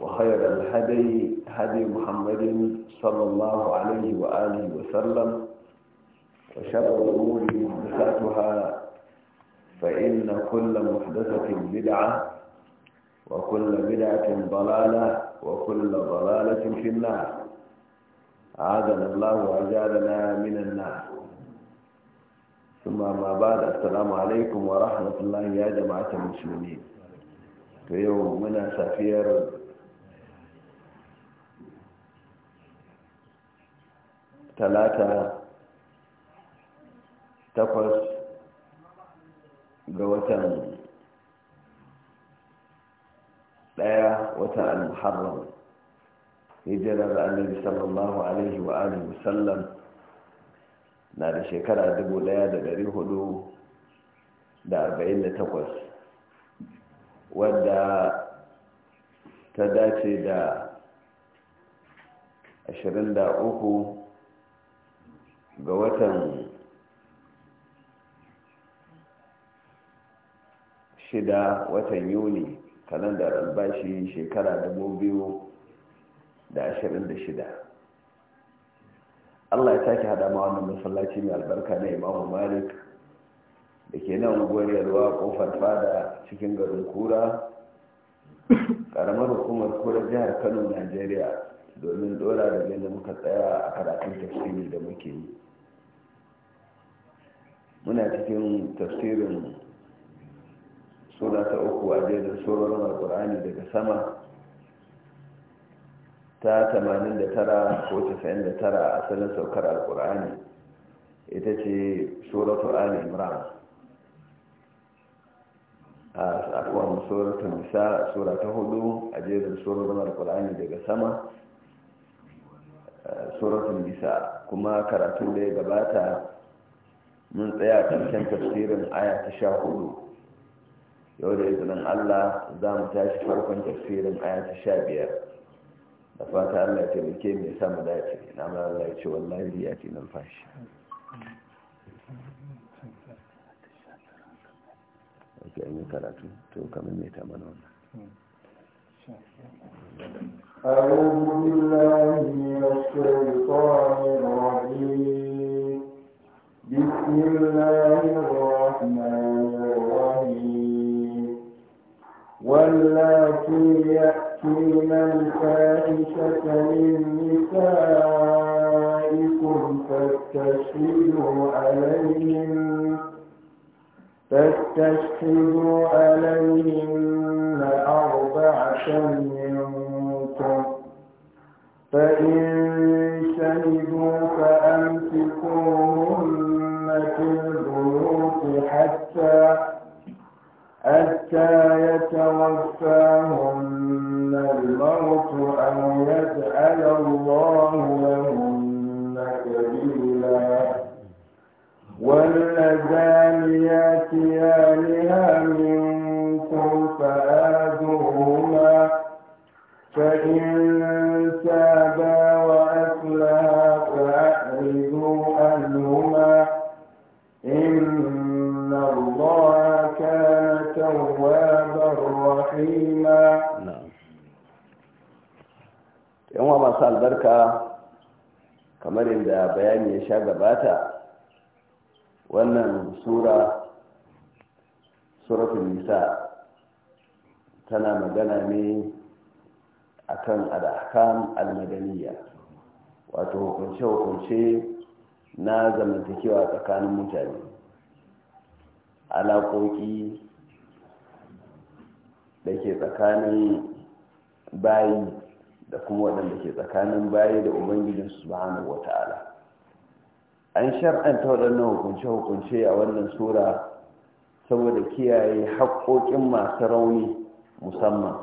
وخير الهدي هدي محمد صلى الله عليه وآله وسلم وشر الأمور محدثاتها فإن كل محدثة بدعة وكل بدعة ضلالة وكل ضلالة في النار عادنا الله وعجالنا من النار ثم ما بعد السلام عليكم ورحمة الله يا جماعة المسلمين في يوم منا سفير talata takwas ga watan daya watan al-muharram hijirar annabi sallallahu alaihi wa alihi sallam na da shekara takwas, wadda ta dace da uku ga watan shida watan yuni kalandar albashi shekara da shida. allah ya sake hada ma wannan masallaci mai albarka na imamu malik da ke nan gwariyarwa kofar fada cikin garin kura karamar hukumar kura jihar kano nigeria domin dora da gina muka tsaya a karatun tafsiri da muke yi muna cikin tafsirin sura ta uku a surar surorin alkur'ani daga sama ta 89 ko 99 a asalin saukar alkur'ani ita ce suratu ali imran a akwai ta nisa sura ta hudu a surar surorin alkur'ani daga sama eh, suratun nisa kuma karatun da ya gabata mun tsaya karshen tafsirin aya ta sha hudu yau da izinin Allah za mu tashi farkon tafsirin aya ta sha biyar da fata Allah ya taimake mai samu dace na mara Allah ya ce wallahi ya ce fashi ake yi karatu to kamar mai ta wannan أعوذ بالله من الشيطان الرجيم بسم الله الرحمن الرحيم واللاتي يأتين الفاحشة من نسائكم فاستشهدوا عليهن أربعة منكم فإن تلدوا فأمسكوهن في البيوت حتى حتى يتوفاهن الموت أو يجعل الله لهن سبيلا واللذان ياتيانها منكم فآذوهما فإن رحيما masu albarka kamar yadda bayani ya sha gabata wannan sura suratul nisa tana magana ne akan al al wato hukunce-hukunce na zamantakewa tsakanin mutane alaƙoƙi da ke tsakanin bayi da kuma waɗanda ke tsakanin bayi da ubangijin subhanahu wata'ala an shar'anta waɗannan hukunce-hukunce a wannan sura saboda kiyaye haƙoƙin masu rauni musamman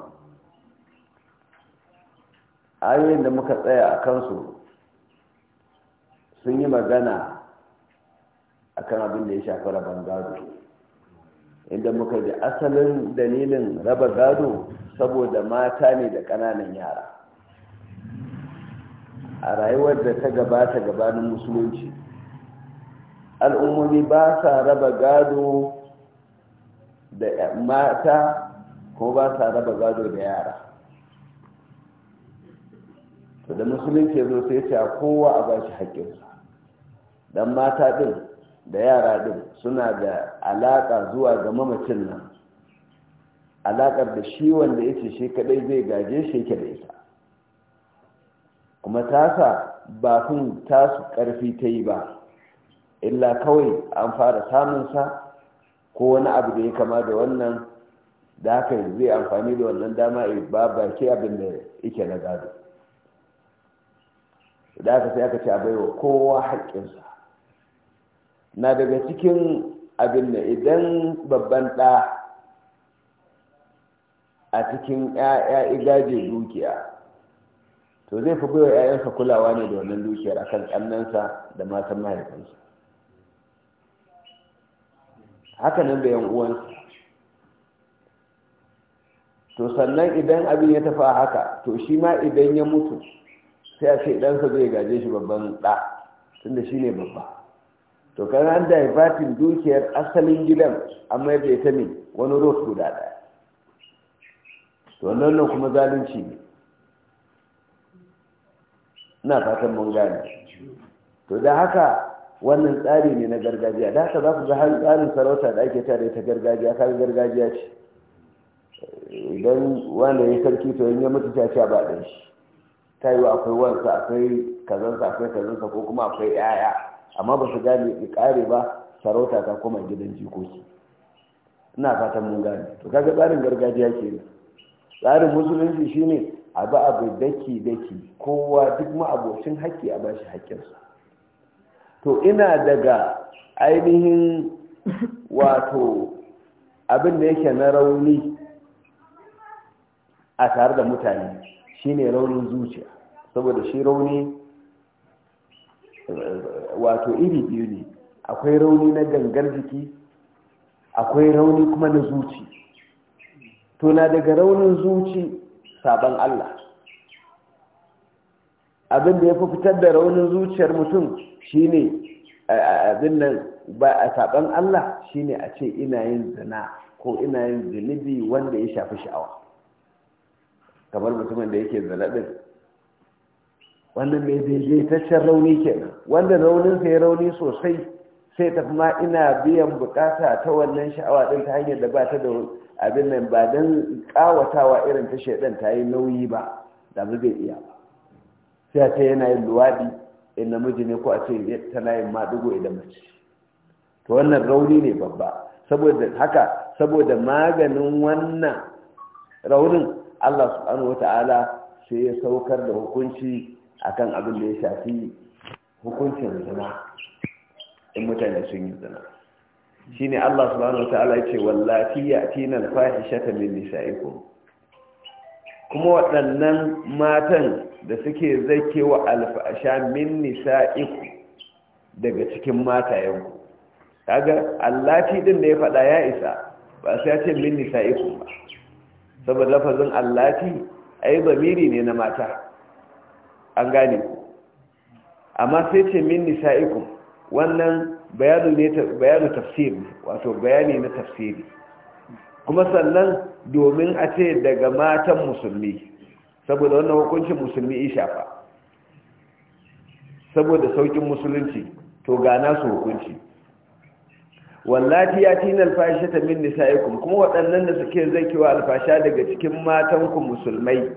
ayoyin da muka tsaya a kansu sun yi magana a kan abin da ya shafi rabon gado inda muka ji asalin dalilin raba gado saboda mata ne da ƙananan yara a rayuwar da ta gabata gabanin musulunci al'ummomi ba sa raba gado da mata ko ba sa raba gado da yara to da musulunci ya zo sai ce a kowa a ba shi haƙƙinsa don mata ɗin da yara ɗin suna da alaƙa zuwa ga mamacin nan alaƙar da shi wanda ya shi kaɗai zai gaje shi ke da ita kuma tasa ba bafin tasu ƙarfi ta yi ba illa kawai an fara samunsa ko wani abu da ya kama da wannan da haka zai amfani da wannan dama ba ba ke abin da yake na gado da haka sai aka ce a baiwa kowa haƙƙinsa na daga cikin abin da idan babban ɗa a cikin ‘ya'ya igaje dukiya to zai fi baiwa ‘ya'yansa kulawa ne da wannan dukiyar kan ƙannansa da matan mahaifinsa haka nan da yan uwansa to sannan idan abin ya tafi a haka to shi ma idan ya mutu sai a ce ɗansa zai gaje shi babban ɗa tunda shi ne babba to kan an ibatin dukiyar asalin gidan an mayar da ita wani rof guda da. to wannan kuma zalunci ne ina fatan mun gane to da haka wannan tsari ne na gargajiya da haka za ku ga tsarin sarauta da ake tare ta gargajiya kayan gargajiya ce idan wanda ya sarki to yin ya mutu ta ce ba ɗan shi ta yi akwai wansa akwai kazansa akwai kazansa ko kuma akwai 'ya'ya amma ba su gane ya kare ba sarauta ta koma gidan jikoki ina fatan mun gane to kaga tsarin gargajiya ke tsarin musulunci shine a ba abu daki daki kowa duk ma'abocin haƙƙi a bashi haƙƙinsa to ina daga ainihin wato abin da yake na rauni a tare da mutane shine raunin zuciya saboda shi rauni wato iri biyu ne akwai rauni na gangar jiki akwai rauni kuma na zuci to daga raunin zuci sabon Allah abin da ya fi fitar da raunin zuciyar mutum shine abin nan ba a saban Allah shi ne a ce ina yin zina ko ina yin zunubi wanda ya shafi sha'awa kamar mutumin da yake zalaɗin wannan mai daidaitaccen rauni kenan wanda rauninsa ya rauni sosai sai tafi ma ina biyan bukata ta wannan sha'awa ɗin ta hanyar da ba ta da abin nan ba don ƙawatawa irin ta shaidan ta yi nauyi ba da ba zai iya sai a ce yana yin luwaɗi in namiji ne ko a ce tana yin maɗigo idan mace to wannan rauni ne babba saboda haka saboda maganin wannan raunin allah subhanahu ta'ala sai ya saukar da hukunci akan abin da ya shafi hukuncin zina in mutane sun yi zina shine Allah subhanahu wataala yace wallati yatina al min nisaikum kuma waɗannan matan da suke zakewa alfasha min nisaikum daga cikin matayenku kaga allati ɗin da ya faɗa ya isa ba sai ya ce min nisaikum ba saboda lafazin allati ai bamiri ne na mata an gane ku amma sai ce min nisa'ikum wannan bayanu tafsir wato bayani na tafsiri kuma sannan domin a ce daga matan musulmi saboda wannan hukuncin musulmi shafa saboda saukin musulunci to ga nasu hukunci wallati ya tina alfasha ta min nisa'ikum kuma waɗannan da suke zakewa alfasha daga cikin matanku musulmai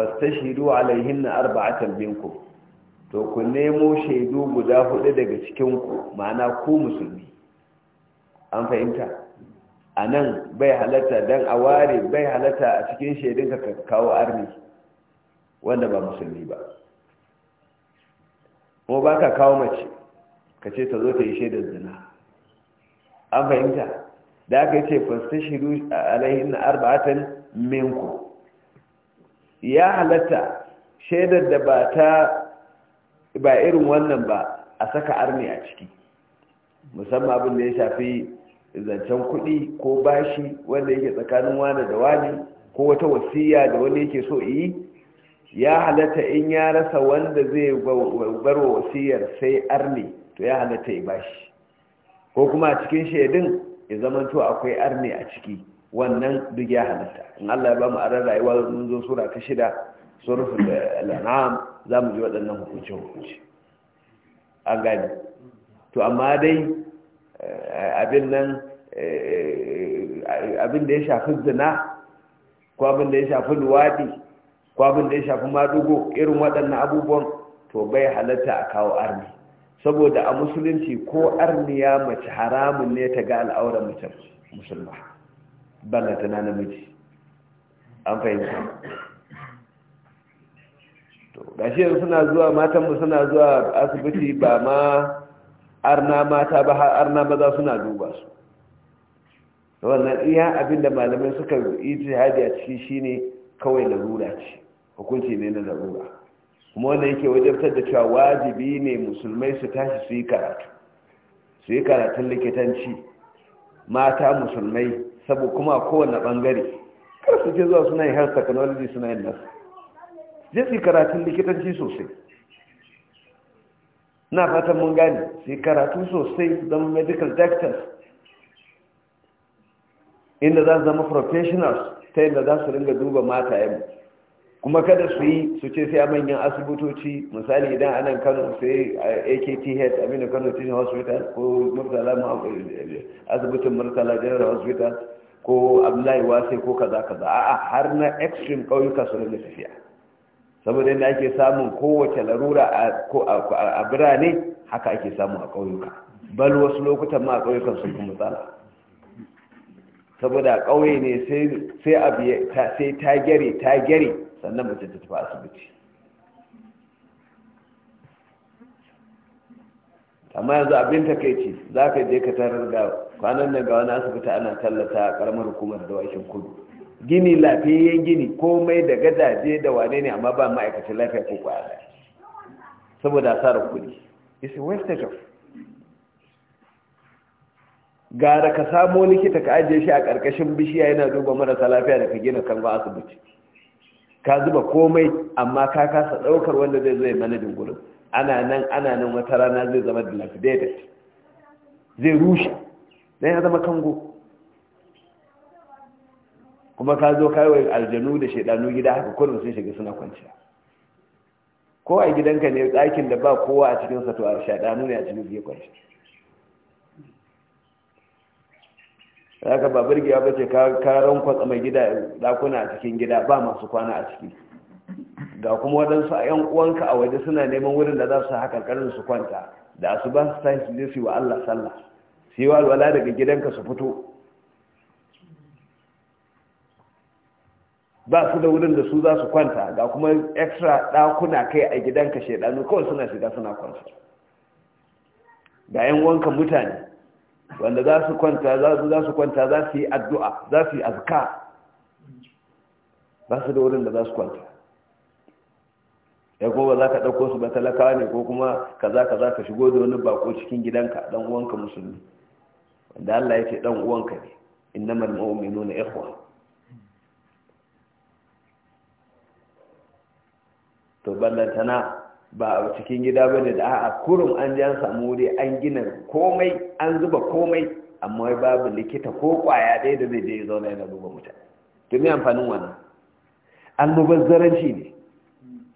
alaihin na arba'atan binku to ku nemo shaidu guda hudu daga cikin ku ma'ana ku musulmi an fahimta a nan bai halatta don a ware bai halatta a cikin shaidun ka kawo arni wanda ba musulmi ba ko ba ka kawo mace ka ce ta zo ta yi shaidar zina an fahimta da aka yi ce fasta shiru a alayhin arba'atan minku ya halatta shaidar da ba ta ba irin wannan ba a saka arni a ciki musamman abin da ya shafi zancen kuɗi ko bashi wanda yake tsakanin wani da wani ko wata wasiya da wani yake so yi ya halatta in ya rasa wanda zai bar wa wasiyar sai arni to ya halatta ya bashi ko kuma a cikin shaidun ya zama to akwai arne a ciki wannan duk ya halatta in Allah ya ba mu aran rayuwa mun zo sura ta shida suratul al'am za mu ji waɗannan hukunci hukunci a gani to amma dai eh, abin nan eh, abin da ya shafi zina ko abin da ya shafi luwaɗi ko abin da ya shafi madugo irin waɗannan abubuwan to bai halatta a kawo arni saboda a musulunci ko arniya mace haramun ne ta ga al'aura mace musulma Bana ta na namiji an fahimta to yanzu suna zuwa matanmu suna zuwa asibiti ba ma arna mata ba har arna maza suna duba su wannan iya abinda malamai suka yi jihadi a ciki shine kawai larura ce hukunci ne na larura kuma wanda yake wajabtar da cewa wajibi ne musulmai su tashi su yi karatu su yi karatun likitanci mata musulmai saboda kuma kowane bangare kar su je zuwa suna yin health technology suna yin nasu je su yi karatun likitanci sosai na fatan mun gane su yi karatu sosai don medical doctors inda za su zama professionals ta yadda za su ringa duba mata yamma kuma kada su yi su ce sai a manyan asibitoci misali idan anan kano sai akth aminu kano teaching hospital ko murtala asibitin murtala general hospital ko abdullahi wasu ko kaza kaza a'a har na extreme kauyuka su rinda tafiya saboda yadda ake samun kowace larura a birane haka ake samu a kauyuka bal wasu lokutan ma a kauyukan sun fi matsala saboda kauye ne sai abu sai ta gyare ta gyare sannan mace ta tafi asibiti amma yanzu abin ta kai ce za ka je ka tarar ga kwanan nan ga wani asibiti ana tallata a karamar hukumar dawakin kudu gini lafiyayyen gini komai da gadaje da wane ne amma ba ma'aikacin lafiya ko kwaya saboda asarar kudi is a wastage of gara ka samo likita ka ajiye shi a ƙarƙashin bishiya yana duba marasa lafiya da ka gina ba asibiti ka zuba komai amma ka kasa ɗaukar wanda zai zai manajin gurin ana nan ana nan wata rana zai zama dilapidated zai rushe don ya zama kango kuma ka zo kawai aljanu da shaidanu gida haka kurin sun shiga suna kwanciya ko a gidanka ne ɗakin da ba kowa a cikinsa to a shaidanu ne a cikin zai kwanciya haka ba birgiya ba ce karan kwatsa mai gida dakuna a cikin gida ba masu kwana a ciki ga kuma waɗansu a yan uwanka a waje suna neman wurin da za su haka karin su kwanta da su ba su tashi su yi wa Allah sallah su yi walwala daga gidanka su fito ba su da wurin da su za su kwanta ga kuma extra ɗakuna kai a gidanka shaidanu kawai suna shiga suna kwanta ga yan uwanka mutane wanda za su kwanta za su kwanta za su yi addu'a za su yi azka ba su da wurin da za su kwanta ya kuma za ka ɗauko su ba talakawa ne ko kuma kaza kaza ka shigo da wani bako cikin gidanka dan uwanka musulmi wanda Allah ya ce dan uwanka ne innamal mu'minuna ikhwa to ballantana ba cikin gida ba ne da a kurum an ji an samu wuri an gina komai an zuba komai amma babu likita ko kwaya ɗaya da zai je ya zauna yana duba mutane to me amfanin wannan almubazzaranci ne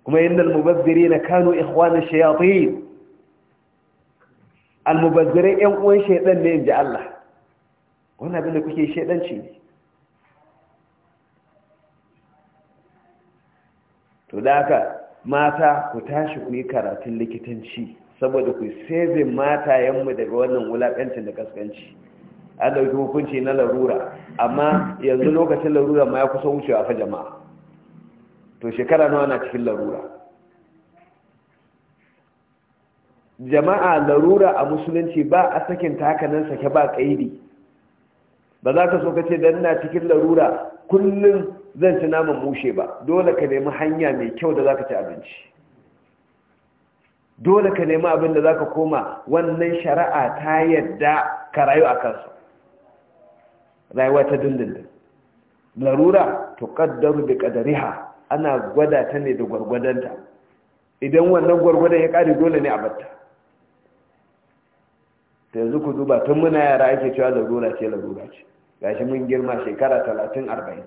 kuma inda almubazzari na kano ikhwana shayatin almubazzarai yan uwan shaidan ne in ji Allah wannan abin da kuke shaidanci ne to da haka mata ku tashi ku yi karatun likitanci saboda ku mata mu daga wannan wulaƙancin da kaskanci an ɗauki hukunci na larura amma yanzu lokacin larura ma ya kusa wucewa fa jama'a to shekara nawa na cikin larura jama'a larura a musulunci ba a sakin takanin sake ba ƙaidi ba za ka so ka ce dan na cikin larura kullum zan ci naman mushe ba dole ka nemi hanya mai kyau da za ka ci abinci dole ka nemi abin da za ka koma wannan shari'a ta yadda ka rayu a kansu rayuwa ta dindindin larura to kaddaru da kadariha ana gwada ta ne da gwargwadonta idan wannan gwargwadon ya kare dole ne a batta ta yanzu ku duba tun muna yara ake cewa larura ce larura ce gashi mun girma shekara talatin arba'in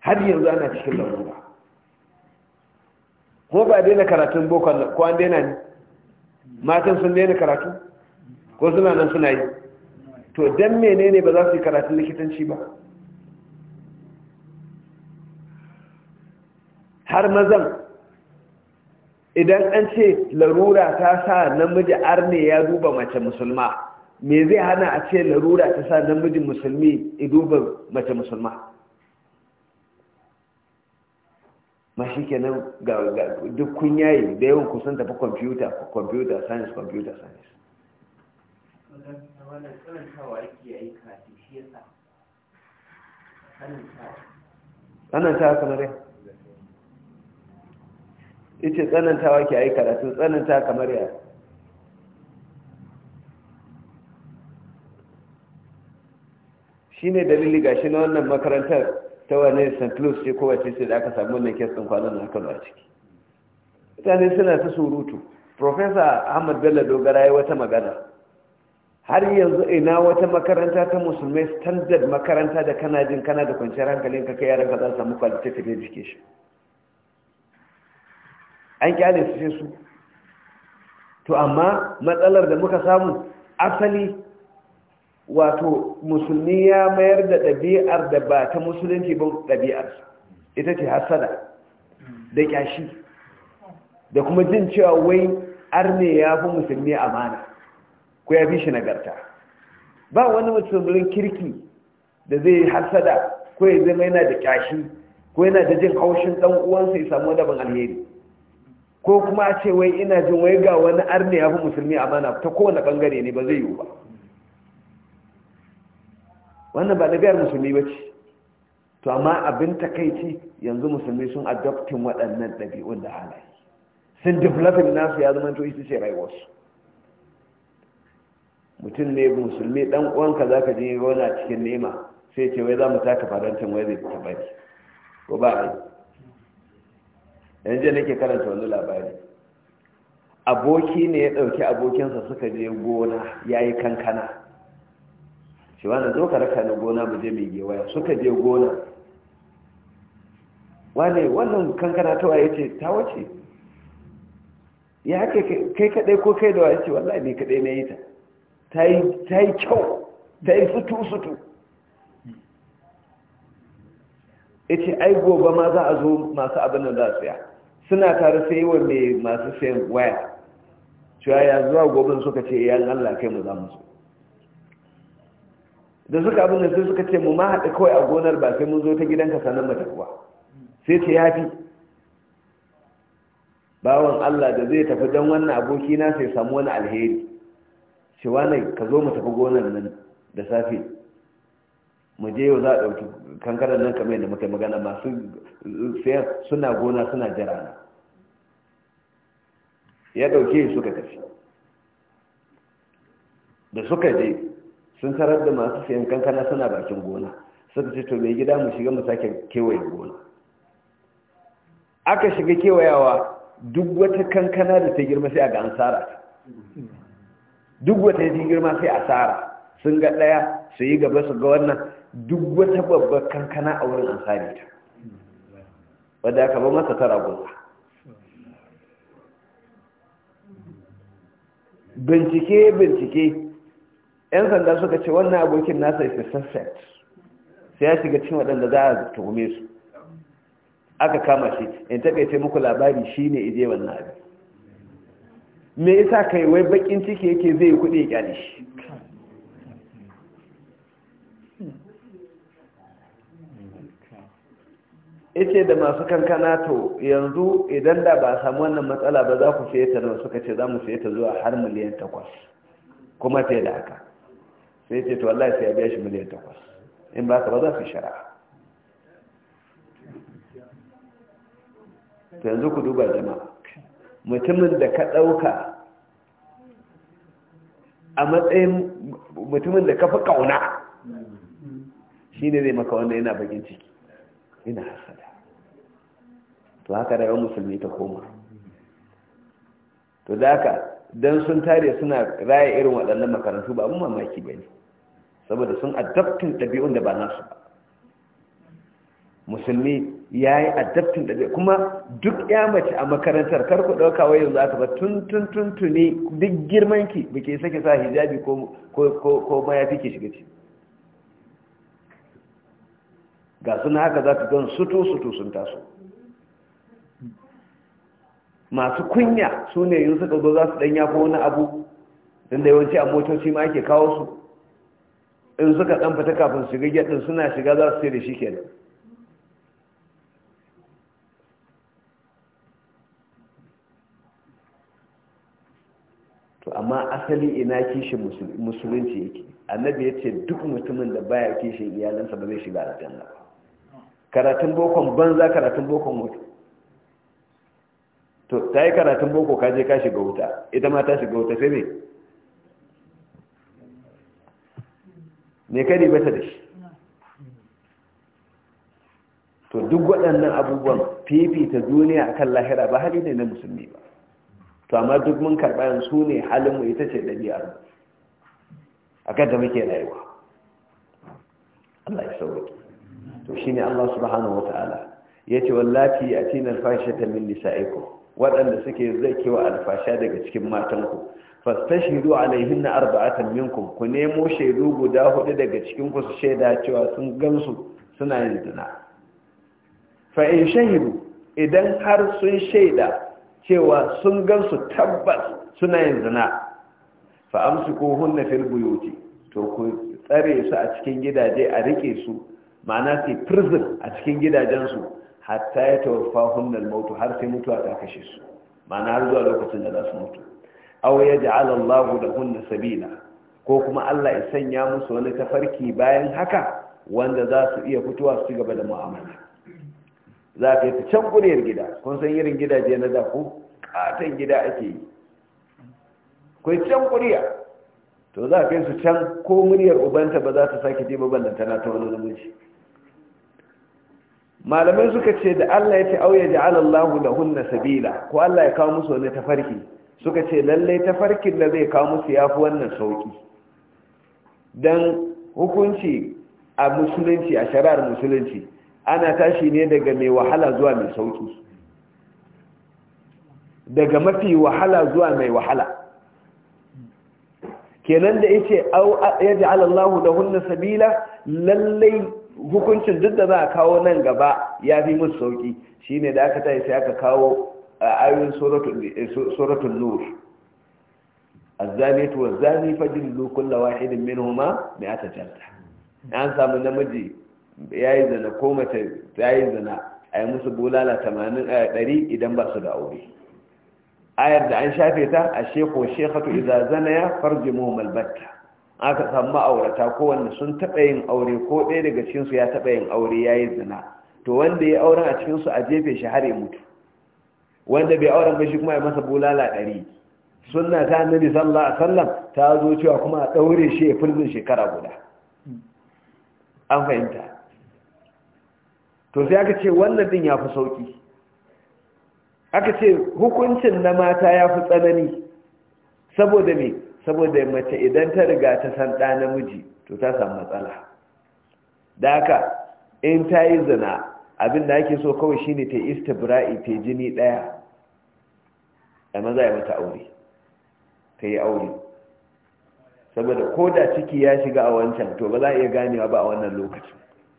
har yanzu ana cikin larura ko ba daina karatun boko ko an daina ne matan sun daina karatu ko suna nan suna yi to dan menene ba za su yi karatun likitanci ba har mazan idan an ce larura ta sa namiji arne ya duba mace musulma me zai hana a ce larura ta sa namiji musulmi ya duba mace musulma ma shi kenan ga duk kun yayi da yawan kusan tafi kwamfuta kwamfuta science kwamfuta science tsanantawa kamar ya ita tsanantawa ke aika da sun tsananta kamar ya shi ne dalili gashi na wannan makarantar ta wane st louis ce kowace ce da aka samu wannan kesin kwanan da aka a ciki mutane suna ta surutu profesa ahmad bello dogara ya wata magana har yanzu ina wata makaranta ta musulmai standard makaranta da kana jin kana da kwanciyar hankalin ka kai yaranka za su samu qualitative education an kyale su sai su to amma matsalar da muka samu asali wato musulmi ya mayar da ɗabi'ar da ba ta musulunci ba ɗabi'ar ita ce hasada da ƙyashi da kuma jin cewa wai arne ya fi musulmi amana ko ya fi shi nagarta ba wani musulmin kirki da zai hasada ko ya zama yana da ƙyashi ko yana da jin haushin ɗan uwansa ya samu daban alheri ko kuma a ce wai ina jin wai ga wani arne ya fi musulmi amana ta kowane ɓangare ne ba zai yiwu ba wannan ba biyar musulmi ba ce to amma abin takaici yanzu musulmi sun adoptin waɗannan ɗabi'un da halaye sun developin nasu ya zama to ita ce rayuwarsu mutum ne musulmi ɗan uwanka za ka jini wani cikin nema sai ce wai za mu taka farantin wai zai ta bari ko ba a yanzu nake karanta wani labari aboki ne ya ɗauki abokinsa suka je gona ya yi kankana shi wani zo raka na gona mu je mai gewaya suka je gona wane wannan kankana ta waye ce ta wace ya ke kai kadai ko kai da waye ce wallahi ne kadai na yi ta ta yi kyau ta yi sutu-sutu ya ce ai gobe ma za a zo masu abin da za su ya suna tare sai wa mai masu sayan waya cewa ya zuwa gobe suka ce yan eh, allah kai mu za mu zo. da suka abin da sai suka ce mu ma haɗa kawai a gonar ba sai mun zo ta gidanka sanar mata kuwa sai ce ya fi bawan Allah da zai tafi don wannan aboki na sai samu wani alheri shi wane ka zo mu tafi gonar nan da safe mu je yau za a ɗauki kankanar nan kamar yadda muka yi magana masu sayar suna gona suna jira na ya ɗauke suka tafi da suka je sun tarar da masu siyan kankana suna bakin gona suka ce to mai gida mu shiga mu sake kewaye gona aka shiga kewayawa duk wata kankana da ta girma sai a ga ansara duk wata ta girma sai a tsara sun ga ɗaya su yi gaba su ga wannan duk wata babbar kankana a wurin ansari ta wadda aka ba masa tara goma bincike bincike 'yan sanda suka ce wannan abokin nasa is fi suspect sai ya shiga cin waɗanda za a tuhume su aka kama shi in taƙaice muku labari shi ne ije wannan abin me isa kai wai bakin ciki yake zai kuɗi ya kyale shi yace da masu kankana to yanzu idan da ba samu wannan matsala ba za ku fiye ta suka ce za mu fiye ta zuwa har miliyan takwas kuma fiye da aka. sai ce to Allah sai ya biya shi miliyan takwas in ba ka ba za su shara ta yanzu ku duba jama mutumin da ka ɗauka a matsayin mutumin da ka fi ƙauna shi ne zai maka wanda yana bakin ciki yana hasada to haka yawan musulmi ta koma to da haka don sun tare suna raya irin waɗannan makarantu ba abin mamaki ba ne saboda sun adaptin ɗabi'un da ba nasu ba musulmi ya yi adaptin ɗabi'un kuma duk ya mace a makarantar karku ɗauka wai yanzu aka ba tun tun tun tuni duk girmanki ba ke sake sa hijabi ko mayafi ke shiga ci ga suna haka za ka gan suto suto sun taso masu kunya su ne yin suka zo za su ɗanya ko wani abu inda yawanci a motoci ma ake kawo su in suka ɗan fita kafin shiga gyaɗin suna shiga za su sai da shi kenan to amma asali ina kishin musulunci yake annabi ya ce duk mutumin da baya kishin iyalansa ba zai shiga aljanna karatun bokon banza karatun bokon mutu to ta yi karatun boko ka je ka shiga wuta ita ma ta shiga wuta sai ne ne ka bata da shi to duk waɗannan abubuwan fifita duniya a kan lahira ba hali ne na musulmi ba to amma duk mun karɓa yin su ne halinmu ita ce ɗabi'ar a kan da muke rayuwa Allah ya sauwa to shi ne Allah subhanahu wa ta'ala wallafi a cikin atina ta min nisaikum waɗanda suke zake wa alfasha daga cikin matanku fastashidu na arba'atan minkum ku nemo shaidu guda hudu daga cikin ku su shaida cewa sun gamsu suna yin zina fa in shahidu idan har sun shaida cewa sun gansu tabbas suna yin zina fa hunna fil buyuti to ku tsare su a cikin gidaje a rike su ma'ana su prison a cikin gidajen su. hatta ya tawaffa hunnal mautu har sai mutuwa ta kashe su ma'ana har zuwa lokacin da za su mutu aw ya ja'ala Allahu hunna sabila ko kuma Allah ya sanya musu wani tafarki bayan haka wanda za su iya fitowa su gaba da mu'amala za ka yi ta can kuriyar gida kun san irin gidaje na da ku katon gida ake yi ku can kuriya to za ka yi su can ko muryar ubanta ba za ta sake je da tana ta wani namiji malamai suka ce da Allah ya ce auya da hunna sabila ko Allah ya kawo musu wani tafarki suka ce lalle tafarkin da zai kawo musu ya fi wannan sauki dan hukunci a musulunci a shari'ar musulunci ana tashi ne daga mai wahala zuwa mai sauki daga mafi wahala zuwa mai wahala kenan da yace au ya da hunna sabila lallai hukuncin duk da za a kawo nan gaba ya fi musu sauki ne da aka tashi sai aka kawo a ayoyin suratun eh, nur الزانية والزاني فجلدوا كل واحد منهما مئة جلدة an samu namiji ya yi zana ko mace ya yi zana a yi musu bulala 80 eh, idan ba su da aure ayar da an shafe ta a sheko shekatu idan zana ya farji mu malbatta aka samu ma'aurata kowanne sun taɓa yin aure ko ɗaya daga cikinsu ya taɓa yin aure ya yi zina to wanda ya auren a cikinsu a jefe shi har ya mutu wanda bai auren ba shi kuma ya masa bulala ɗari sunna ta annabi sallallahu alaihi wasallam ta zo cewa kuma a ɗaure shi ya fulbin shekara guda an fahimta to sai aka ce wannan din ya fi sauki aka ce hukuncin na mata ya fi tsanani saboda me saboda mace idan ta riga ta san ɗa namiji to ta samu matsala da haka in ta yi zina abin da ake so kawai shine ta istibra'i ta jini ɗaya a maza ya mata aure ta yi aure saboda ko da ciki ya shiga a wancan to ba za a iya ganewa ba a wannan lokacin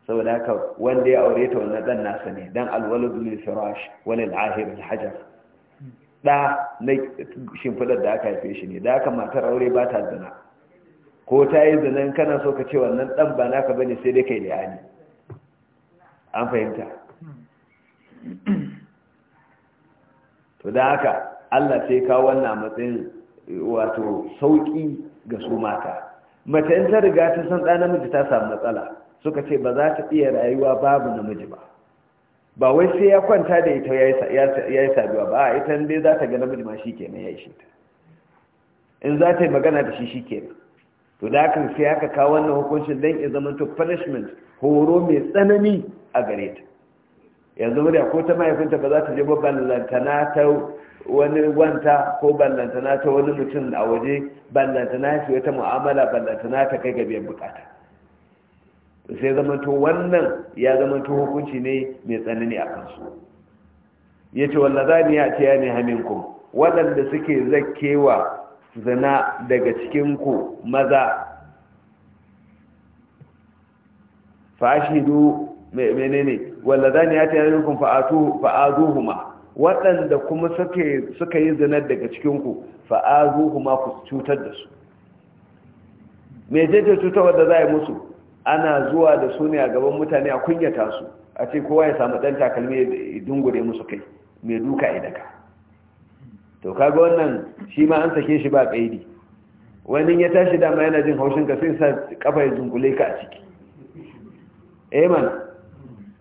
saboda haka wanda ya aure ta wannan ɗan nasa ne don alwalar zulul firash wani al'ahir al ɗa na shimfidar da aka haife shi ne da aka matar aure ba ta zina ko ta yi zinan kana so ka ce wannan ɗan ba naka bane sai dai kai liyani an fahimta to da haka allah sai kawo wannan matsayin wato sauƙi ga su mata mace in ta riga ta san ɗa namiji ta samu matsala suka ce ba za ta iya rayuwa babu namiji ba ba wai sai ya kwanta da ita ya yi sabuwa ba a ita dai za ta ga namiji ma shi kenan ya ishe ta in za ta yi magana da shi shi kenan to da kan sai aka kawo wannan hukuncin don ya zama to punishment horo mai tsanani a gare ta yanzu murya ko ta mahaifinta ba za ta je ballantana ta wani wanta ko ballantana ta wani mutum a waje ballantana shi wata mu'amala ballantana ta kai ga biyan bukata sai to wannan ya to hukunci ne mai tsanani a kansu ya ce wallazani ya ce ya ne haminku waɗanda suke zakewa zana daga cikinku maza fashidu menene wallazani ya ce ya ne haminku fa'azuhuma waɗanda kuma suka yi zana daga cikinku fa'azuhuma ku cutar da su me ce cutar wadda za a yi musu ana zuwa da su ne a gaban mutane a kunyata su a ce kowa ya samu ɗan takalmi ya dungure musu kai mai duka idaka to kaga wannan shi ma an sake shi ba ƙaidi wani ya tashi dama yana jin haushin ka sai sa kafa ya zungule ka a ciki eh man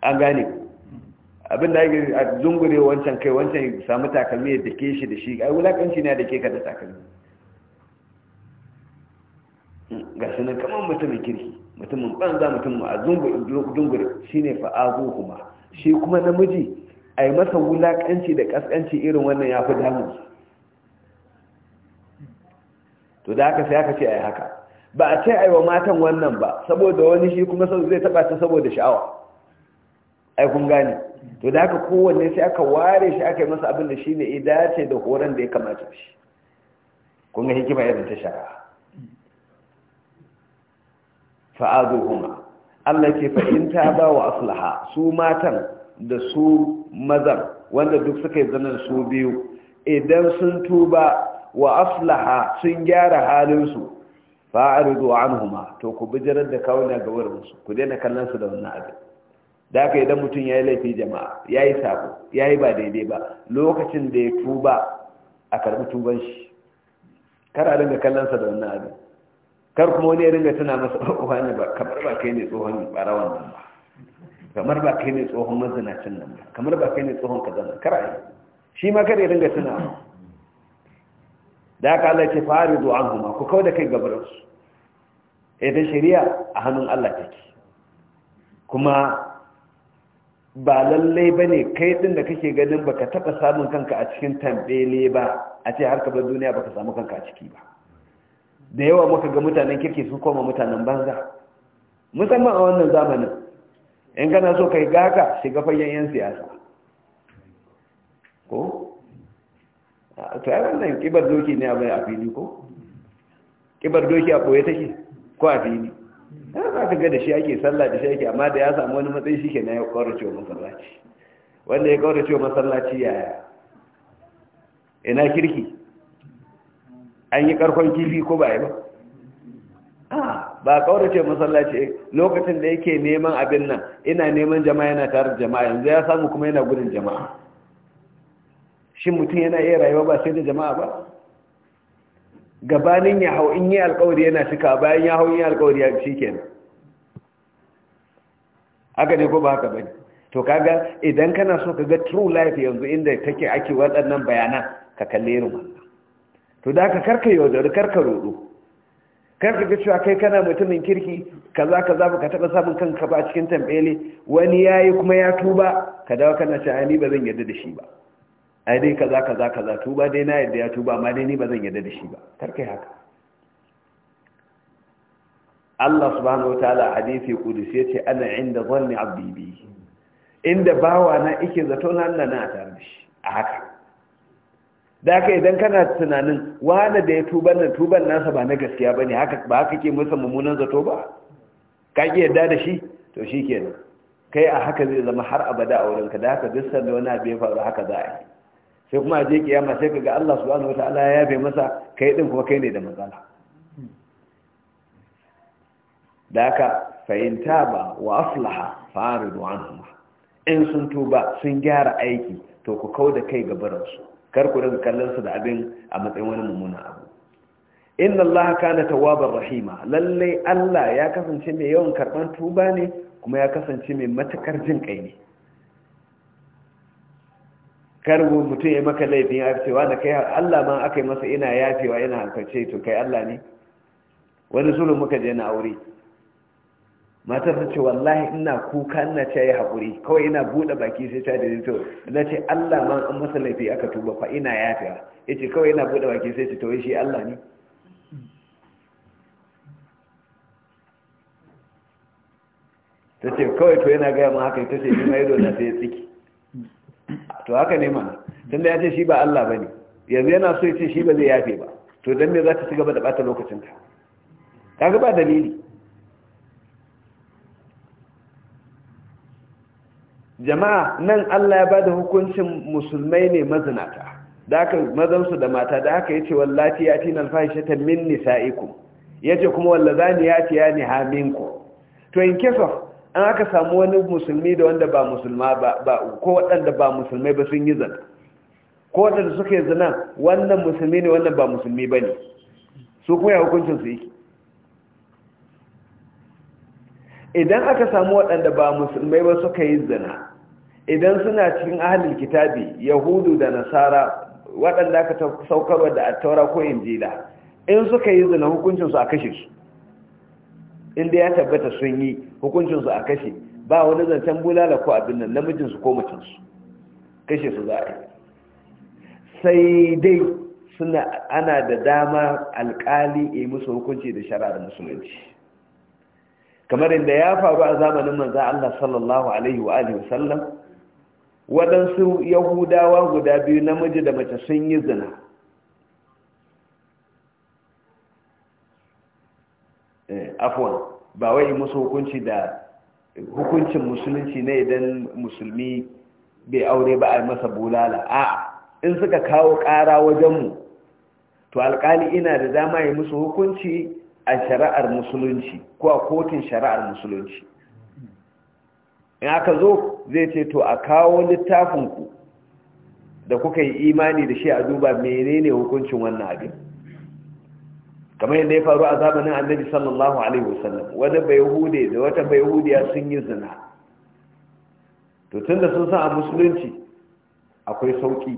an gane abin da yake a zungure wancan kai wancan ya samu takalmi ya dake shi da shi ai wulakanci ne da ke ka da takalmi hmm, ga nan kamar mutumin kirki mutumin banza mutumin a dungure shi ne fa’azu kuma shi kuma namiji a yi masa wulaƙanci da ƙasƙanci irin wannan ya fi damun to da haka sai aka ce a yi haka ba a ce a yi wa matan wannan ba saboda wani shi kuma zai taɓa ta saboda sha'awa ai kun gane to da haka kowanne sai aka ware shi aka yi masa abin da shi ne idace da horon da ya kamata shi kun ga hikima irin ta shara fa'azuhuma Allah ke fa'in ta ba wa aslaha su matan da su mazan wanda duk suka yi zanen su biyu idan sun tuba wa aslaha sun gyara halinsu fa'aridu anhuma to ku bijirar da kawuna ga wurinsu ku daina kallon su da wannan abin da aka idan mutum ya yi laifi jama'a ya yi sako ya yi ba daidai ba lokacin da ya tuba a karbi tuban shi kar a dinga kallon sa da wannan abin kar kuma wani ya ringa tana masa uwa oh, ne ba kamar ba kai ne tsohon barawan nan ba kamar ba kai ne tsohon mazinacin nan ba kamar ba kai ne tsohon kaza nan kar ai shi ma kar ya ringa tana da ka Allah ce faridu anhuma ku da kai gabarin su eh, da shari'a a hannun Allah take kuma ba lallai ba ne kai ɗin da kake ganin baka taɓa samun kanka a cikin tambele ba a ce har ka bar duniya baka samu kanka a ciki ba da yawa muka ga mutanen kirki sun koma mutanen banza musamman a wannan zamanin in kana so kai ga haka shiga fayyan yan siyasa ko to ai wannan kibar doki ne a bai a fili ko kibar doki a boye take ko a fili za ka ga da shi ake sallah da shi ake amma da ya samu wani matsayi shi ke na ya kaurace wa masallaci wanda ya kaurace wa masallaci yaya ina kirki an yi karfan kifi ko ba yi ba ba kaurace masallaci eh, lokacin da yake neman abin nan ina neman jama'a yana tare jama'a yanzu ya samu kuma yana gudun jama'a shin mutum yana iya rayuwa ba sai da jama'a ba gabanin ya hau in yi alkawari yana shika, bayan ya hau in yi alkawari ya shi kenan haka ne ko ba haka bane to kaga idan kana so ka ga true life yanzu inda take ake waɗannan bayanan ka kalle irin to da aka karka yaudari karka rudu karka ga cewa kai kana mutumin kirki kaza kaza baka taba samun kanka ba cikin tambele wani yayi kuma ya tuba ka dawo kana cewa ni ba zan yarda da shi ba ai dai kaza kaza kaza tuba dai na yarda ya tuba amma dai ni ba zan yarda da shi ba karka haka Allah subhanahu wataala hadisi ya yace ana inda zanni abdi Bihi, inda bawa na ike zato na Allah na tare da shi a haka da haka idan kana tunanin wani da ya tuban na tuban nasa ba na gaskiya ba ne ba haka ke musa mummunan zato ba ka ƙi yadda da shi to shi kenan kai a haka zai zama har abada a wurinka da haka duk sanda wani abu ya faru haka za a yi sai kuma a je kiyama sai kaga Allah subhanahu wataala ya yafe masa kai din kuma kai ne da matsala da haka fa'in taba wa aslaha faridu in sun tuba sun gyara aiki to ku kau da kai ga gabaransu kar ku kallon su da abin a matsayin wani mummuna abu inna allaha kana tawwabar rahima lalle Allah ya kasance mai yawan karban tuba ne kuma ya kasance mai matakar jin kai ne kar mutum ya maka laifin ya cewa na kai Allah ma aka yi masa ina yafewa ina hankalce to kai Allah ne wani sulun muka je na aure matar ta ce wallahi ina kuka ina ce ya haƙuri kawai ina buɗe baki sai ta dare to na ce Allah ma an masa laifi aka tuba fa ina yafiya ya ce kawai ina buɗe baki sai ta to shi Allah ne ta ce kawai to yana gaya ma haka ta ce shi mai dole sai ya tsiki to haka ne mana tun da ya ce shi ba Allah ba ne yanzu yana so ya ce shi ba zai yafe ba to don me za ta ci gaba da ɓata lokacinta ta ga ba dalili jama'a nan Allah ya bada hukuncin musulmai ne mazinata da haka mazansu da mata da haka yace wallati tinal alfahishata min nisaikum yace kuma wallazani yatiyani haminku to in case an aka samu wani musulmi da wanda ba musulma ba ko waɗanda ba musulmai ba sun yi zina ko waɗanda suke zina wannan musulmi ne wannan ba musulmi ba ne su kuma ya hukuncin su yake idan aka samu waɗanda ba musulmai ba suka yi zina idan suna cikin ahalin kitabi yahudu da nasara waɗanda aka saukarwa da attaura ko injila in suka yi zina hukuncinsu a kashe su inda ya tabbata sun yi hukuncinsu a kashe ba wani zancen bulala ko abin nan namijinsu ko macinsu kashe su za a yi sai dai suna ana da dama alkali yi musu hukunci da shara da musulunci kamar inda ya faru a zamanin manzan Allah sallallahu alaihi wa alihi wasallam waɗansu yahudawa guda biyu namiji da mace sun yi zina eh, afwan ba wai musu hukunci da hukuncin musulunci ne idan musulmi bai aure ba a masa bulala a in suka kawo ƙara wajenmu to alƙali ina da dama yi musu hukunci a shari'ar musulunci ko a kotun shari'ar musulunci in aka zo zai ce to a kawo littafinku da kuka yi imani da shi a duba menene hukuncin wannan abin kamar yadda ya faru a zamanin annabi sallallahu alaihi wasallam wani bai hude da wata bai ya sun yi zina to tunda sun san a musulunci akwai sauki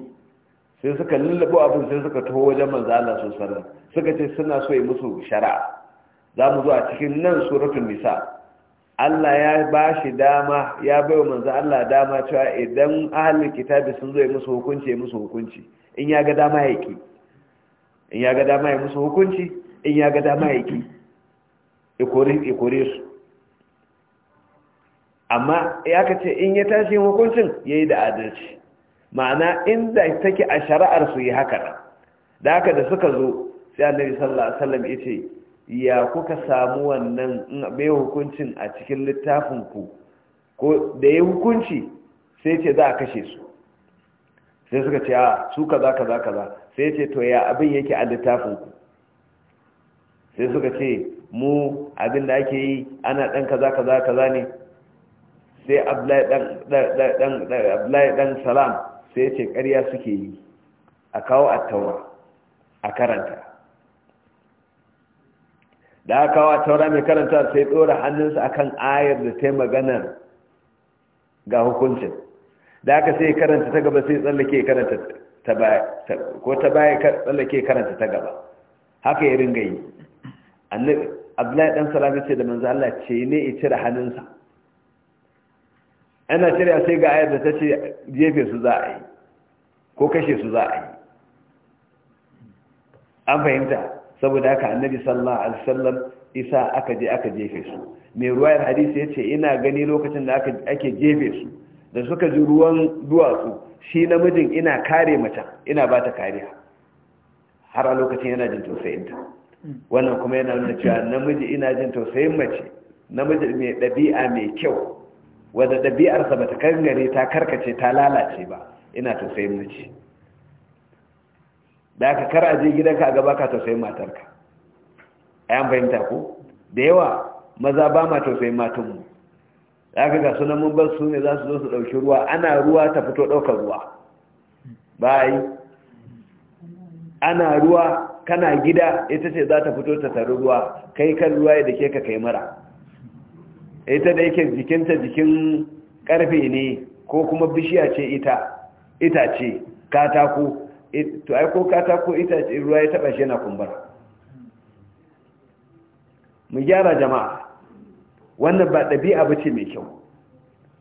sai suka lullabo abin sai suka taho wajen maza Allah suka ce suna so yi musu shari'a za mu zo a cikin nan suratul nisa Allah ya ba shi dama ya baiwa manzo Allah dama cewa idan ahli kitabi sun zo ya musu hukunci ya musu hukunci in ya ga dama ya ki in ya ga dama ya musu hukunci in ya ga dama ya ki ya kore su amma ya kace in ya tashi hukuncin ya yi da adalci ma'ana inda take a shari'ar su yi haka da haka da suka zo sai annabi sallallahu alaihi wasallam yace ce ya kuka samu wannan bai hukuncin a cikin littafinku ko da ya hukunci sai ce za a kashe su sai suka ce a su kaza kaza kaza sai ce to ya abin yake a littafinku sai suka ce mu abin da ake yi ana ɗan kaza kaza kaza ne sai abdullahi ɗan salam sai ce ƙarya suke yi a kawo a taura a karanta da aka wa taura mai karanta sai ɗora hannunsa akan ayar da ta magana ga hukuncin da aka sai karanta ta gaba sai tsallake karanta ta baya ko ta baya tsallake karanta ta gaba haka ya ringa yi annabi abdullahi dan salami ce da manzo Allah ce ne ya cire hannunsa ana cire sai ga ayar da ta ce jefe su za a yi ko kashe su za a yi an fahimta saboda haka annabi sallallahu alaihi wasallam isa aka je aka jefe su mai ruwayar hadisi ya ce ina gani lokacin da ake jefe su da suka ji ruwan duwatsu shi namijin ina kare mata ina ba ta kariya har a lokacin yana jin tausayinta wannan kuma yana nuna cewa namiji ina jin tausayin mace namiji mai ɗabi'a mai kyau wadda ɗabi'arsa ba ta kangare ta karkace ta lalace ba ina tausayin mace da aka kar a je gidanka a gaba ka tausayin matarka a yan fahimta ko da yawa maza ba ma tausayin matanmu da aka gasu sunan mun bar su ne za su zo su ɗauki ruwa ana ruwa ta fito ɗaukar ruwa ba yi ana ruwa kana gida ita ce za ta fito ta taru ruwa kai kan ruwa ya dake ka kai mara ita da yake jikinta jikin karfe ne ko kuma bishiya ce ita ita ce katako to ai ko katako itace ruwa ya taba shi na kumbura mu gyara jama'a wannan ba ɗabi'a ba ce mai kyau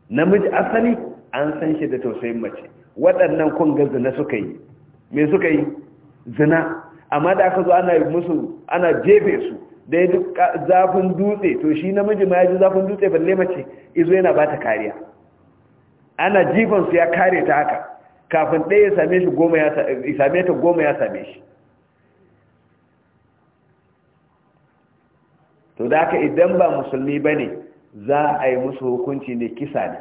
namiji asali an san shi da tausayin mace waɗannan kunga zina suka yi me suka yi zina amma da aka zo ana musu ana jefe su da ya zafin dutse to shi namiji ma ya ji zafin dutse balle mace izo yana ba ta kariya ana jifan su ya kare ta haka kafin ɗaya ya same goma ya same ta goma ya same shi to da aka idan ba musulmi ba ne za a yi musu hukunci ne kisa ne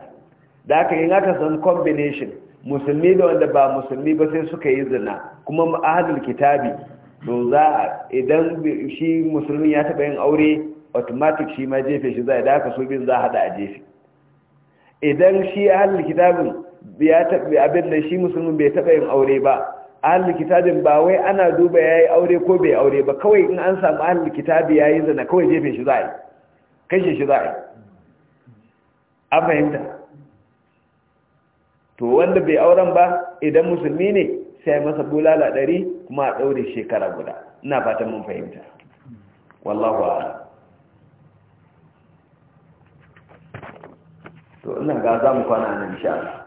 da aka yi aka san combination musulmi da wanda ba musulmi ba sai suka yi zina kuma ma'adul kitabi to za a idan shi musulmi ya taɓa yin aure automatic shi ma jefe shi za a yi da aka su bin za a hada a jefe idan shi ahalul kitabin ya taɓa abin da shi musulmin bai taɓa yin aure ba ahal kitabin ba wai ana duba ya yi aure ko bai aure ba kawai in an samu ahal kitabi ya yi zana kawai jefe shi za'a yi kashe shi za yi an fahimta to wanda bai auren ba idan musulmi ne sai masa bulala ɗari kuma a ɗaure shekara guda ina fatan mun fahimta wallahu ala. to ina ga za mu kwana nan insha Allah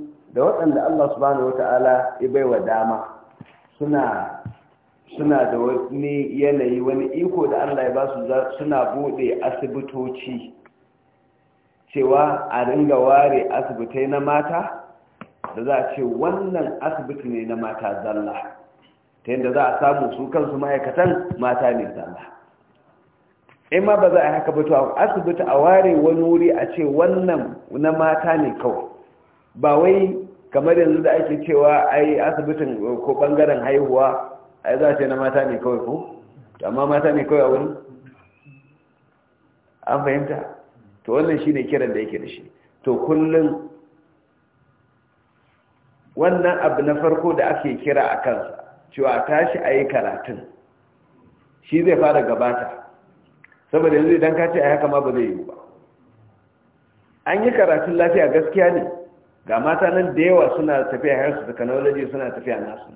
da waɗanda Allah subhanahu ta'ala ya baiwa dama suna suna da wani yanayi wani iko da Allah ya basu suna bude asibitoci cewa a ringa ware asibitai na mata da za a ce wannan asibiti ne na mata zalla ta yadda za a samu su kansu ma'aikatan mata ne zalla in ma ba za a haka ba to asibiti a ware wani wuri a ce wannan na mata ne kawai ba wai kamar yanzu da ake cewa ai asibitin ko bangaren haihuwa ai za ce na mata ne kawai ko amma mata ne kawai a wurin an fahimta to wannan shi ne kiran da yake da shi to kullum wannan abu na farko da ake kira a kansa cewa tashi a yi karatun shi zai fara gabata saboda yanzu idan ka ce a haka ma ba zai yi ba an yi karatun lafiya gaskiya ne ga mata nan da yawa suna tafiya health technology suna tafiya nasu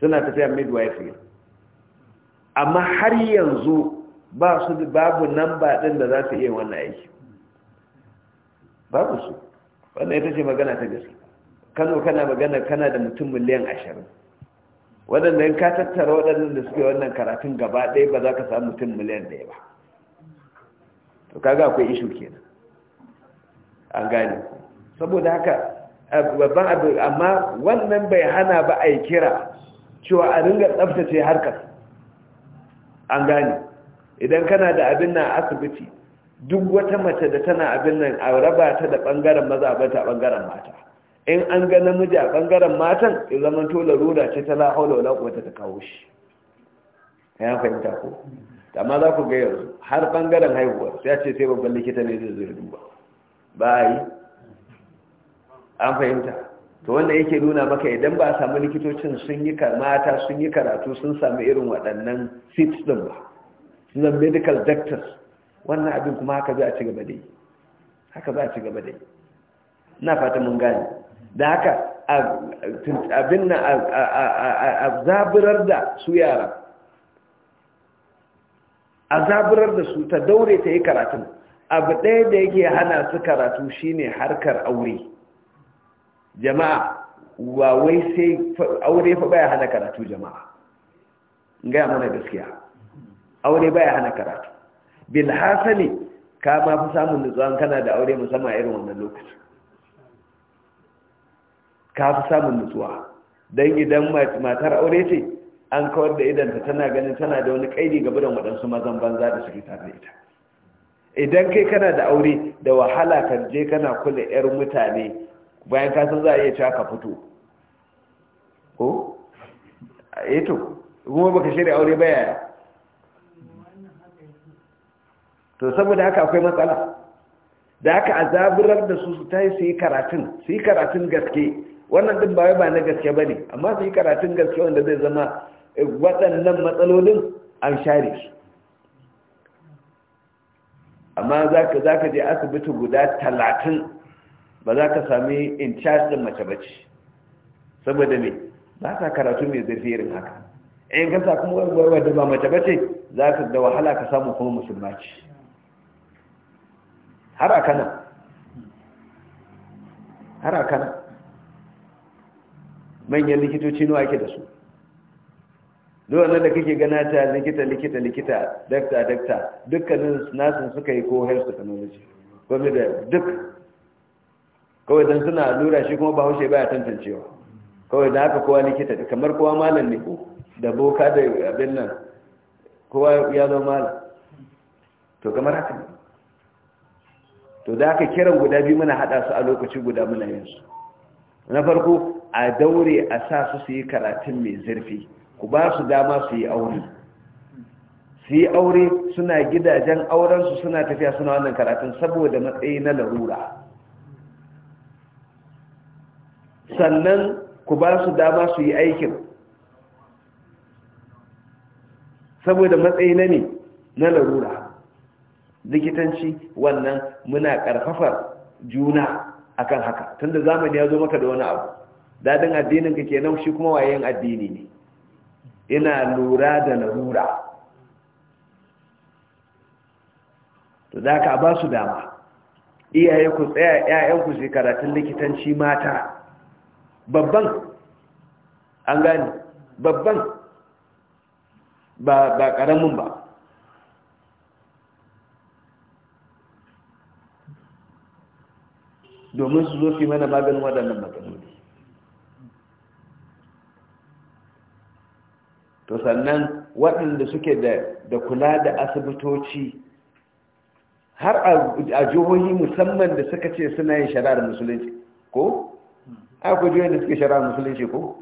suna tafiya midwifery amma har yanzu ba su babu number din da za su iya wannan aiki babu su wannan ita ce magana ta gaske kano kana magana kana da mutum miliyan ashirin waɗanda ka tattara waɗannan da suke wannan karatun gaba ɗaya ba za ka samu mutum miliyan ɗaya ba to kaga akwai ishu kenan an gane saboda haka babban abu amma wannan bai hana ba a yi kira cewa a ringa tsaftace harkar an gane idan kana da abin nan asibiti duk wata mace da tana abin nan a raba ta da ɓangaren maza ba ta ɓangaren mata in an ga namiji a ɓangaren matan ya zama tola lura ce ta lahaula wala ta kawo shi ya fahimta ko amma za ku ga yanzu har bangaren haihuwa sai a ce sai babban likita ne zai zai duba ba yi an fahimta to wanda yake nuna maka idan ba a samu likitocin sun yi mata sun yi karatu sun samu irin waɗannan seats ɗin ba suna medical doctors wannan abin kuma haka za a ci gaba da yi haka za a ci gaba da yi fata mun gane da haka abin na a zaburar da su yara a zaburar da su ta daure ta yi karatun abu ɗaya da yake hana su karatu shine harkar aure jama'a wa wai sai aure fa baya hana karatu jama'a ya mana gaskiya aure baya hana karatu bil hasani ka ma fi samun nutsuwan kana da aure musamman irin wannan lokacin ka fi samun nutsuwa don idan matar aure ce an kawar da idanta tana ganin tana da wani kaidi gaba da waɗansu mazan banza da suke tare ita idan kai kana da aure da wahala kan je kana kula 'yar mutane bayan ka san za a iya cewa ka fito ko eto eh kuma baka shirya aure ba yaya to saboda haka akwai matsala da haka azabirar da su su yi su yi karatun su yi karatun gaske wannan din ba ba na gaske ba ne amma su yi karatun gaske wanda zai zama eh, waɗannan matsalolin an share su amma za ka je asibiti guda talatin ba za ka sami in charge din mace bace saboda me ba ta karatu mai zafi irin haka in ka sa kuma warwar da ba mace bace za ka da wahala ka samu kuma musulma ce har a kana har a kana manyan likitoci nawa ake da su dole da kake gana ta likita likita likita dakta dakta dukkanin nasin suka yi ko health technology gwamnati da duk kawai don suna lura shi kuma bahaushe baya tantancewa kawai da haka kowa likita kamar kowa malam ne da boka da abin nan kowa ya zo malam to kamar haka ne to da haka kiran guda biyu muna haɗa su a lokaci guda muna yin su na farko a daure a sa su su yi karatun mai zurfi ku ba su dama su yi aure su yi aure suna gidajen aurensu suna tafiya suna wannan karatun saboda matsayi na larura sannan ku ba su dama su yi aikin saboda matsayi na ne na larura likitanci wannan muna karfafa juna akan haka tunda zamani ya zo maka da wani abu dadin addinin ka kenan shi kuma wayan addini ne ina lura da larura to za ka ba su dama iyaye ku tsaya 'ya'yanku karatun likitanci mata babban an gani babban ba karamin ba domin su zo fi mana maganin waɗannan matsaloli to sannan waɗanda suke da kula da asibitoci har a jihohi musamman da suka ce suna yin shari'ar musulunci ko ai ku da suke shara musulunci ko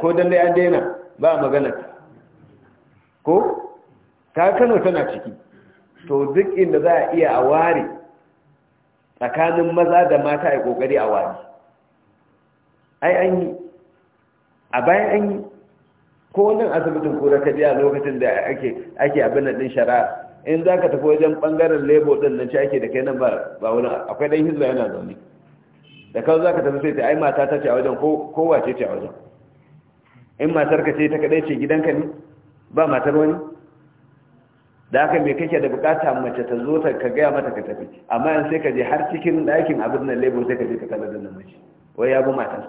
ko dan dai an daina ba magana ko ta Kano tana ciki to duk inda za a iya a ware tsakanin maza da mata a kokari a ware ai an yi a bayan an yi ko wannan asibitin ko da a lokacin da ake ake abin da din shari'a in za ka tafi wajen bangaren labor din nan ci ake da kai nan ba ba wani akwai dan hizba yana zaune da kawai za ka tafi sai ta ai mata ta ce a wajen kowa ce ce a wajen in matar ka ce ta kaɗai ce gidanka ne ba matar wani da aka mai kake da bukata mace ta zo ta ka gaya mata ka tafi amma in sai ka je har cikin ɗakin abin nan lebo sai ka je ka kalla da namiji wai ya bi matar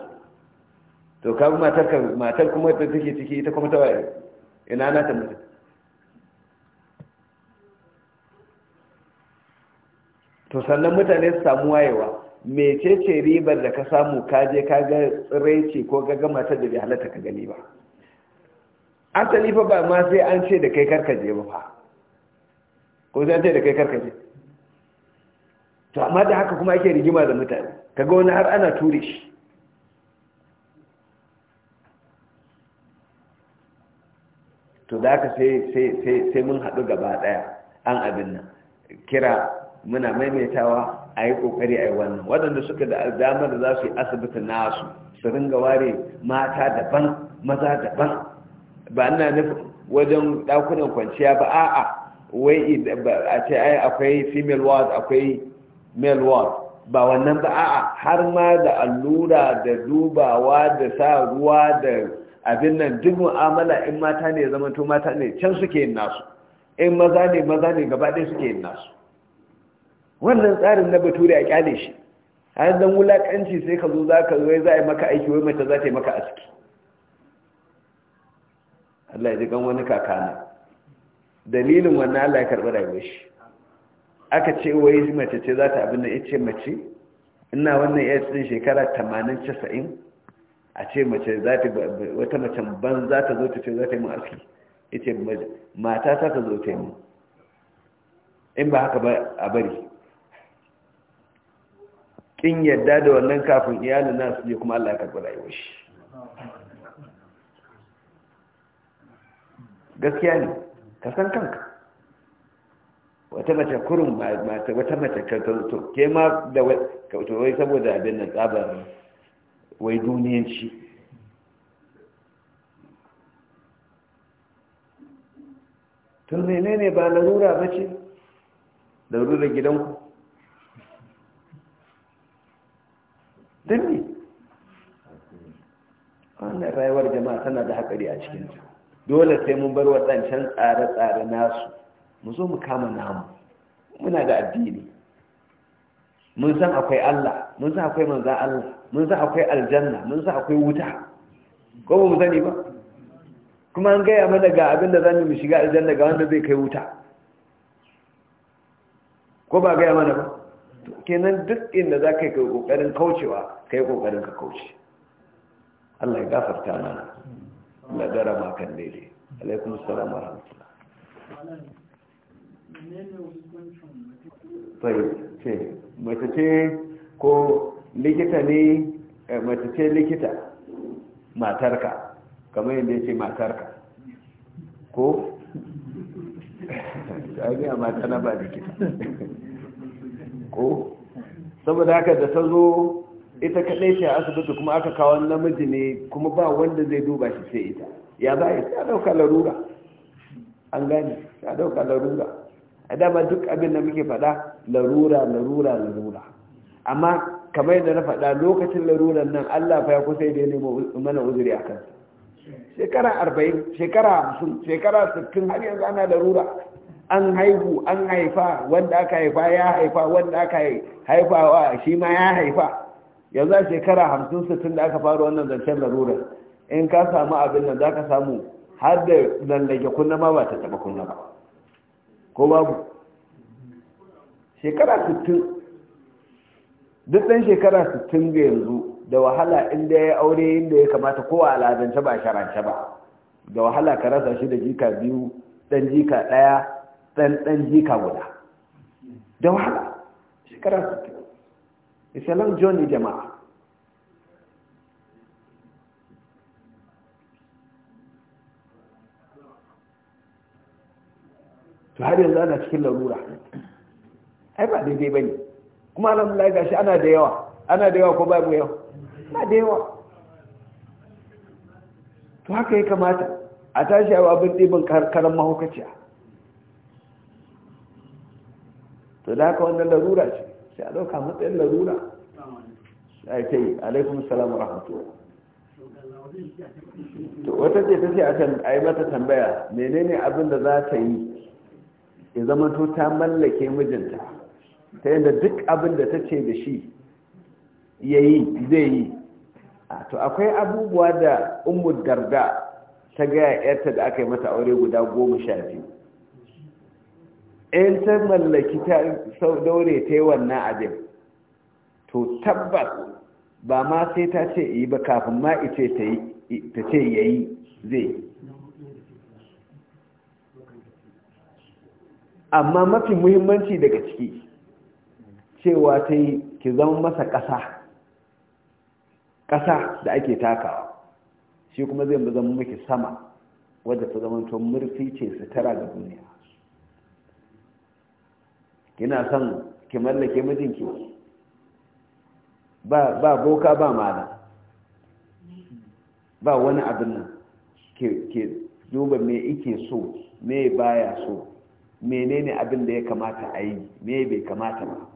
to ka bi matar ka matar kuma ta take ciki ita kuma ta ina na ta mutu to sannan mutane su samu wayewa mecece ribar da ka samu kaje ka ga tsiraici ko ga ta da halatta ka gani ba an talifa ba ma sai an ce da kai karkaje ba ko sai an ce da kai karkaje to amma da haka kuma ake rigima da mutane kaga wani har ana ture shi to da haka sai mun haɗu gaba ɗaya an abin nan kira muna maimaitawa a yi kokari a yi wannan waɗanda suka da damar da za su yi asibiti nasu su ringa ware mata daban maza daban ba ina nufin wajen ɗakunan kwanciya ba a'a wai a ce ai akwai female ward akwai male ward ba wannan ba a'a har ma da allura da dubawa da sa ruwa da abin nan duk mu'amala in mata ne zama to mata ne can suke yin nasu in maza ne maza ne gaba ɗaya suke yin nasu wannan tsarin na bature a kyale shi a dan wulakanci sai ka zo za ka zo za a yi maka aiki wai mace za ta yi maka aski Allah ya ji gan wani kakana dalilin wannan Allah ya karɓi rayuwar shi aka ce wai mace ce za ta abin da ya ce mace ina wannan ya tsin shekara tamanin casa'in a ce mace za ta wata mace ban za ta zo ta ce za ta yi mun aski ya ce mata ta ta zo ta yi mun in ba haka ba a bari kin yadda da wannan kafin iyalin nasu ne kuma Allah ya karɓi rayuwar shi gaskiya ne ka san kanka wata mace kurun mata wata mace ka to ke ma da wai saboda abin nan tsabar wai duniyanci tun menene ba larura ba ce larurar gidanku dinni wannan rayuwar jama'a tana da haƙari a cikinta dole sai mun bar waɗancan tsare-tsare nasu mu zo mu kama namu muna da addini mun san akwai Allah mun san akwai manzan Allah mun san akwai aljanna mun san akwai wuta ko ba mu sani ba kuma an gaya mana ga abin da zamu shiga aljanna ga wanda zai kai wuta ko ba gaya mana ba kenan duk inda za ka yi ƙoƙarin kaucewa ka yi ƙoƙarin ka kauce Allah ya gafarta mana na gara makon daidai alaikun salam wa rahmatullah ce mace ce ko likita ne eh, mata ce likita matarka kamar yadda ya ce matarka ko ta yi a mata na ba likita ko saboda haka da ta zo ita kaɗai ce a asibiti kuma aka kawo namiji ne kuma ba wanda zai duba shi sai ita ya za yi ta ɗauka larura an gani ta ɗauka larura a dama duk abin da muke faɗa larura larura larura amma kamar yadda na faɗa lokacin larura nan allah fa ya kusa ya ma mana uzuri a kansa shekara arba'in shekara hamsin shekara sittin har yanzu ana larura an haihu an haifa wanda aka haifa ya haifa wanda aka haifawa shi ma ya haifa yanzu a shekara hamsin sittin da aka faru wannan zancen larurar in ka samu abin nan za ka samu har da lallage kunna ma ba ta taba kunna ba ko babu shekara sittin duk ɗan shekara sittin ga yanzu da wahala inda ya aure inda ya kamata kowa al'adance ba sharance ba da wahala ka rasa shi da jika biyu ɗan jika ɗaya ɗanɗan jika guda da wahala shekara 60 it's a long jama'a to har yanzu ana cikin larura ai ba daidai ba ne kuma laifin gashi ana da yawa ana da yawa ko ba mu yau? Ana da yawa to haka ya kamata a tashi abin ɗibin karan mahaukaciya to da haka wannan larura ce sai a ɗauka matsayin larura a yi ta yi alaikun salamu rahoto.' to wata ce ta ce a yi mata tambaya menene abin da za ta yi ya zama to ta mallake mijinta ta yadda duk abin da ta ce da shi ya yi zai yi to akwai abubuwa da umar garda ta gaya yarta da aka yi mata aure guda goma sha biyu in ta mallaki ta daure ta yi wannan abin to tabbas ba ma sai ta ce yi ba kafin ma ita ta ce ya yi zai amma mafi muhimmanci daga ciki cewa ta yi ki zama masa ƙasa ƙasa da ake takawa shi kuma zai zama maki sama wadda ta zama tun murfi ce su tara ga duniya kina son ki mallake mijinki ba ba boka ba mala ba wani abin nan ke duba me ike so me baya so menene abin da ya kamata a yi me bai kamata ba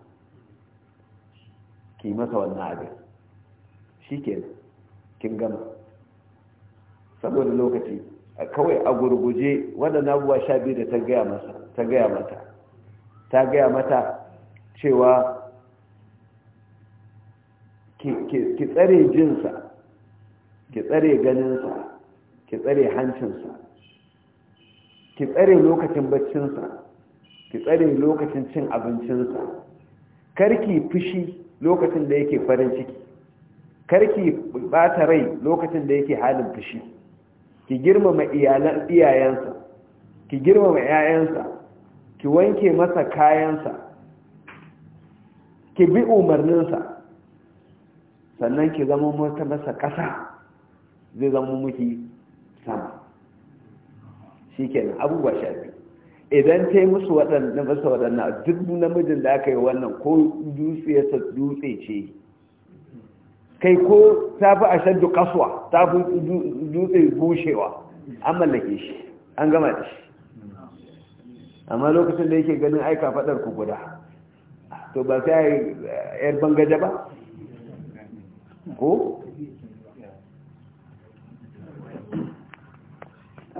ki masa wannan abin shi ke kin gama saboda lokaci kawai a gurguje wadannan abubuwa sha biyu da ta gaya mata ta gaya mata cewa ki tsare jinsa ki tsare ganinsa ki tsare hancinsa ki tsare lokacin baccinsa ki tsare lokacin cin abincinsa karki fushi lokacin da yake farin ciki karki bata rai lokacin da yake halin fushi ki girmama iyayensa ki girmama 'ya'yansa ki wanke masa kayansa ki bi umarninsa sannan ki zama mata masa ƙasa zai zama muki sama shi kenan abubuwa shafi idan ta yi musu waɗannan masa waɗannan duk namijin da aka yi wannan ko dutse ya dutse ce kai ko ta fi a shaddu kasuwa ta fi dutse bushewa an mallake shi an gama da shi amma lokacin da yake ganin aika fadar ku guda to ba sai eh, yar bangaje ba ko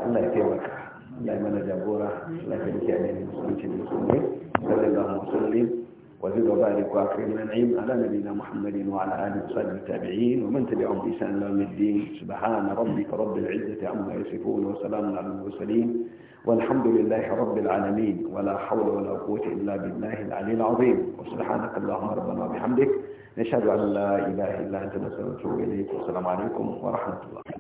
Allah ya waka Allah ya mana jagora Allah ya taimaka ne musulunci musulmi sallallahu alaihi wasallam وزد وبارك واكرم الانعيم على نبينا محمد وعلى اله وصحبه التابعين ومن تبعهم باحسان الى يوم الدين سبحان ربك رب العزه عما يصفون وسلام على المرسلين والحمد لله رب العالمين ولا حول ولا قوه الا بالله العلي العظيم وسبحانك اللهم ربنا وبحمدك نشهد ان لا اله الا انت نستغفرك اليك والسلام عليكم ورحمه الله